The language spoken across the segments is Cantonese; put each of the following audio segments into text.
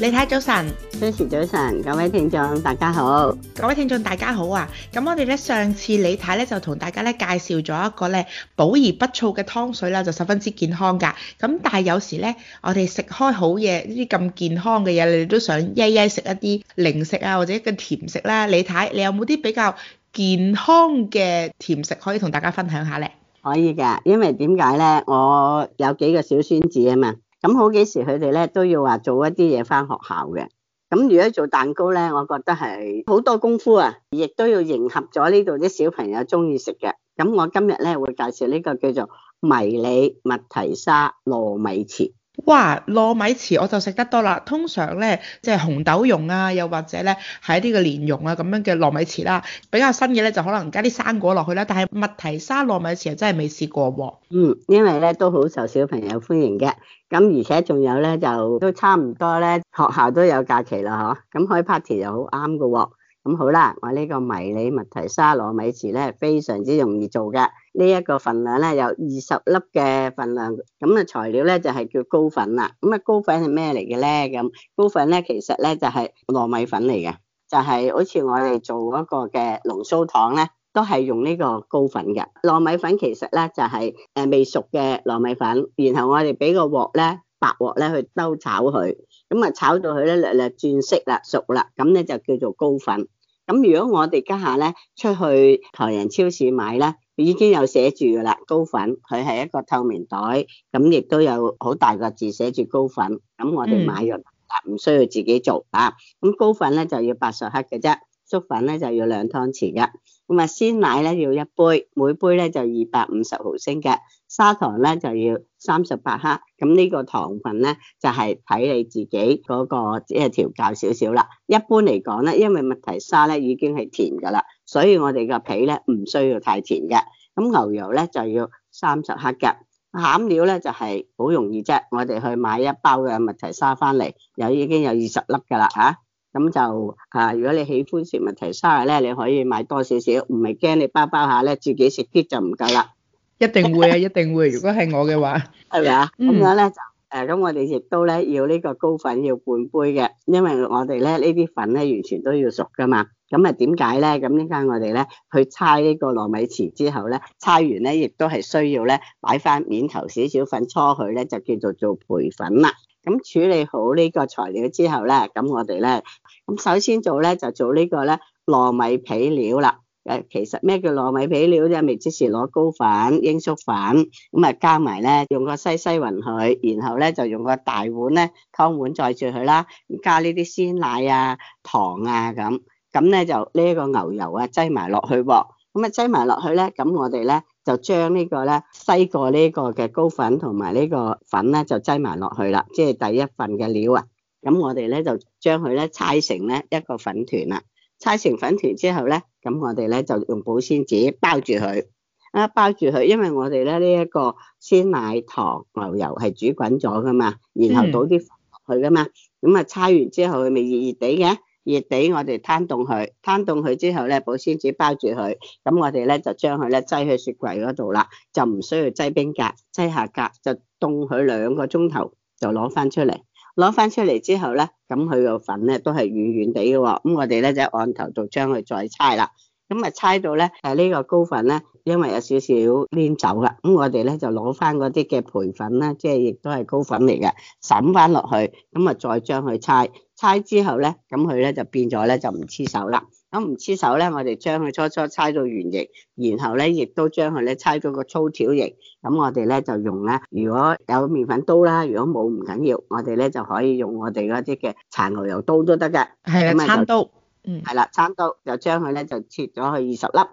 李太早晨，早晨，早晨，各位聽眾大家好，各位聽眾大家好啊。咁我哋咧上次李太咧就同大家咧介紹咗一個咧補而不燥嘅湯水啦，就十分之健康噶。咁但係有時咧，我哋食開好嘢呢啲咁健康嘅嘢，你哋都想日日食一啲零食啊，或者一個甜食啦，啊。李太，你有冇啲比較健康嘅甜食可以同大家分享下咧？可以噶，因為點解咧？我有幾個小孫子啊嘛。咁好幾時佢哋咧都要話做一啲嘢，返學校嘅。咁如果做蛋糕咧，我覺得係好多功夫啊，亦都要迎合咗呢度啲小朋友中意食嘅。咁我今日咧會介紹呢個叫做迷你麥提莎糯米糍。哇，糯米糍我就食得多啦，通常咧即係紅豆蓉啊，又或者咧係一啲嘅蓮蓉啊咁樣嘅糯米糍啦，比較新嘅咧就可能加啲生果落去啦。但係麥提沙糯米糍真係未試過喎、啊。嗯，因為咧都好受小朋友歡迎嘅，咁而且仲有咧就都差唔多咧，學校都有假期啦嗬，咁開 party 又好啱嘅喎。咁好啦，我呢個迷你麥提沙糯米糍咧，非常之容易做嘅。呢一個份量咧有二十粒嘅份量，咁啊材料咧就係叫高粉啦。咁啊高粉係咩嚟嘅咧？咁高粉咧其實咧就係糯米粉嚟嘅，就係好似我哋做嗰個嘅龍酥糖咧，都係用呢個高粉嘅。糯米粉其實咧就係誒未熟嘅糯米粉，然後我哋俾個鑊咧。白鑊咧去兜炒佢，咁啊炒到佢咧略略轉色啦，熟啦，咁咧就叫做高粉。咁如果我哋家下咧出去台人超市買咧，已經有寫住噶啦，高粉，佢係一個透明袋，咁亦都有好大個字寫住高粉。咁我哋買入，唔需要自己做啊。咁高粉咧就要八十克嘅啫，粟粉咧就要兩湯匙嘅。咁啊，鮮奶咧要一杯，每杯咧就二百五十毫升嘅，砂糖咧就要三十八克，咁呢個糖分咧就係、是、睇你自己嗰、那個即係調教少少啦。一般嚟講咧，因為麥提沙咧已經係甜噶啦，所以我哋個皮咧唔需要太甜嘅。咁牛油咧就要三十克嘅，餡料咧就係、是、好容易啫，我哋去買一包嘅麥提沙翻嚟，有已經有二十粒噶啦嚇。啊咁就啊，如果你喜歡食麥提沙咧，你可以買多少少，唔係驚你包包下咧自己食啲就唔夠啦。一定會啊， 一定會。如果係我嘅話，係咪啊？咁樣咧就誒，咁、嗯、我哋亦都咧要呢個高粉要半杯嘅，因為我哋咧呢啲粉咧完全都要熟噶嘛。咁啊，點解咧？咁依家我哋咧去搓呢個糯米糍之後咧，搓完咧，亦都係需要咧擺翻面頭少少粉搓佢咧，就叫做做培粉啦。咁處理好呢個材料之後咧，咁我哋咧，咁首先做咧就做個呢個咧糯米皮料啦。誒，其實咩叫糯米皮料啫？咪即是攞高粉、鷹粟粉，咁啊加埋咧用個西西勻佢，然後咧就用個大碗咧湯碗載住佢啦，加呢啲鮮奶啊、糖啊咁。咁咧就呢一個牛油啊，擠埋落去喎。咁啊，擠埋落去咧，咁我哋咧就將呢個咧西過呢個嘅高粉同埋呢個粉咧就擠埋落去啦。即係第一份嘅料啊。咁我哋咧就將佢咧搓成咧一個粉團啦。搓成粉團之後咧，咁我哋咧就用保鮮紙包住佢。啊，包住佢，因為我哋咧呢一個鮮奶糖牛油係煮滾咗噶嘛，然後倒啲去噶嘛。咁啊搓完之後，佢咪熱熱地嘅。熱地我哋攤凍佢，攤凍佢之後咧，保鮮紙包住佢，咁我哋咧就將佢咧擠去雪櫃嗰度啦，就唔需要擠冰格，擠下格就凍佢兩個鐘頭，就攞翻出嚟。攞翻出嚟之後咧，咁佢個粉咧都係軟軟地嘅，咁我哋咧就按頭度將佢再搓啦。咁啊搓到咧，誒、這、呢個高粉咧，因為有少少粘走啦，咁我哋咧就攞翻嗰啲嘅培粉啦，即係亦都係高粉嚟嘅，沈翻落去，咁啊再將佢搓。搓之後咧，咁佢咧就變咗咧就唔黐手啦。咁唔黐手咧，我哋將佢初初搓到圓形，然後咧亦都將佢咧搓咗個粗條形。咁我哋咧就用咧，如果有麵粉刀啦，如果冇唔緊要，我哋咧就可以用我哋嗰啲嘅餐牛油刀都得㗎。係咪的刀？餐刀，嗯，係啦，餐刀就將佢咧就切咗去二十粒。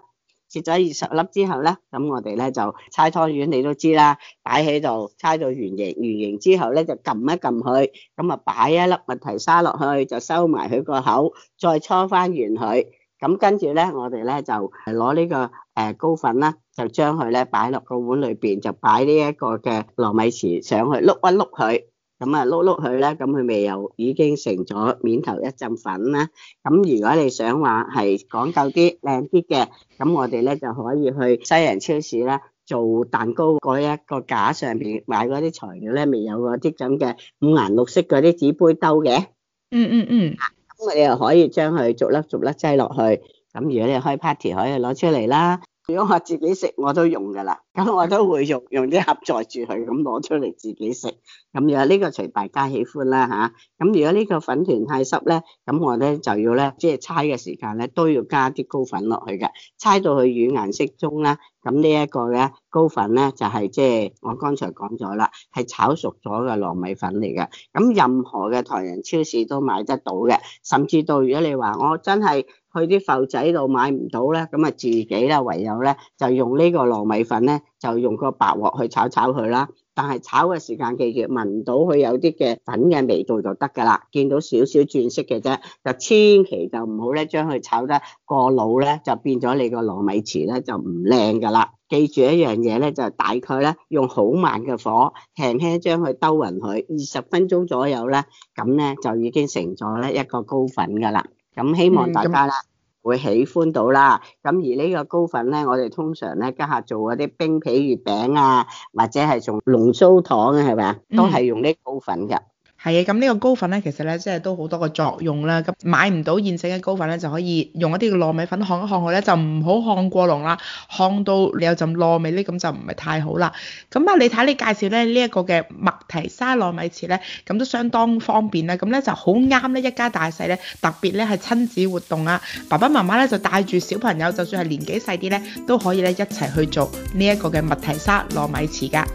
切咗二十粒之後咧，咁我哋咧就猜湯圓，你都知啦，擺喺度猜到圓形，圓形之後咧就撳一撳佢，咁啊擺一粒麥提沙落去，就收埋佢個口，再搓翻圓佢。咁跟住咧，我哋咧就攞呢個誒高粉啦，就將佢咧擺落個碗裏邊，就擺呢一個嘅糯米糍上去，碌一碌佢。咁啊，碌碌佢咧，咁佢未又已經成咗面頭一陣粉啦。咁如果你想話係講究啲靚啲嘅，咁我哋咧就可以去西人超市啦，做蛋糕嗰一個架上邊買嗰啲材料咧，未有嗰啲咁嘅五顏六色嘅啲紙杯兜嘅。嗯嗯嗯。咁、啊、你又可以將佢逐粒逐粒擠落去。咁如果你開 party 可以攞出嚟啦。如果我自己食我都用噶啦，咁我都會用用啲盒載住佢咁攞出嚟自己食，咁又呢個隨大家喜歡啦吓。咁如果呢個粉團太濕咧，咁我咧就要咧即係猜嘅時間咧都要加啲高粉落去嘅，猜到佢軟硬適中啦。咁呢一個咧高粉咧就係即係我剛才講咗啦，係炒熟咗嘅糯米粉嚟嘅。咁任何嘅台人超市都買得到嘅，甚至到如果你話我真係。去啲埠仔度買唔到咧，咁啊自己咧，唯有咧就用呢個糯米粉咧，就用個白鑊去炒炒佢啦。但係炒嘅時間記住，聞到佢有啲嘅粉嘅味道就得㗎啦，見到少少轉色嘅啫，就千祈就唔好咧將佢炒得過老咧，就變咗你個糯米糍咧就唔靚㗎啦。記住一樣嘢咧，就大概咧用好慢嘅火，輕輕將佢兜勻佢，二十分鐘左右咧，咁咧就已經成咗咧一個高粉㗎啦。咁希望大家啦～會喜歡到啦，咁而呢個高粉咧，我哋通常咧家下做嗰啲冰皮月餅啊，或者係做龍鬚糖啊，係咪啊？都係用呢高粉嘅。係咁呢個糕粉咧，其實咧即係都好多個作用啦。咁買唔到現成嘅糕粉咧，就可以用一啲糯米粉烘一烘佢咧，就唔好烘過濃啦，烘到你有陣糯米咧，咁就唔係太好啦。咁啊，你睇你介紹咧，呢一個嘅麥提沙糯米糍咧，咁都相當方便啦。咁咧就好啱呢一家大細咧，特別咧係親子活動啊，爸爸媽媽咧就帶住小朋友，就算係年紀細啲咧，都可以咧一齊去做呢一個嘅麥提沙糯米糍噶。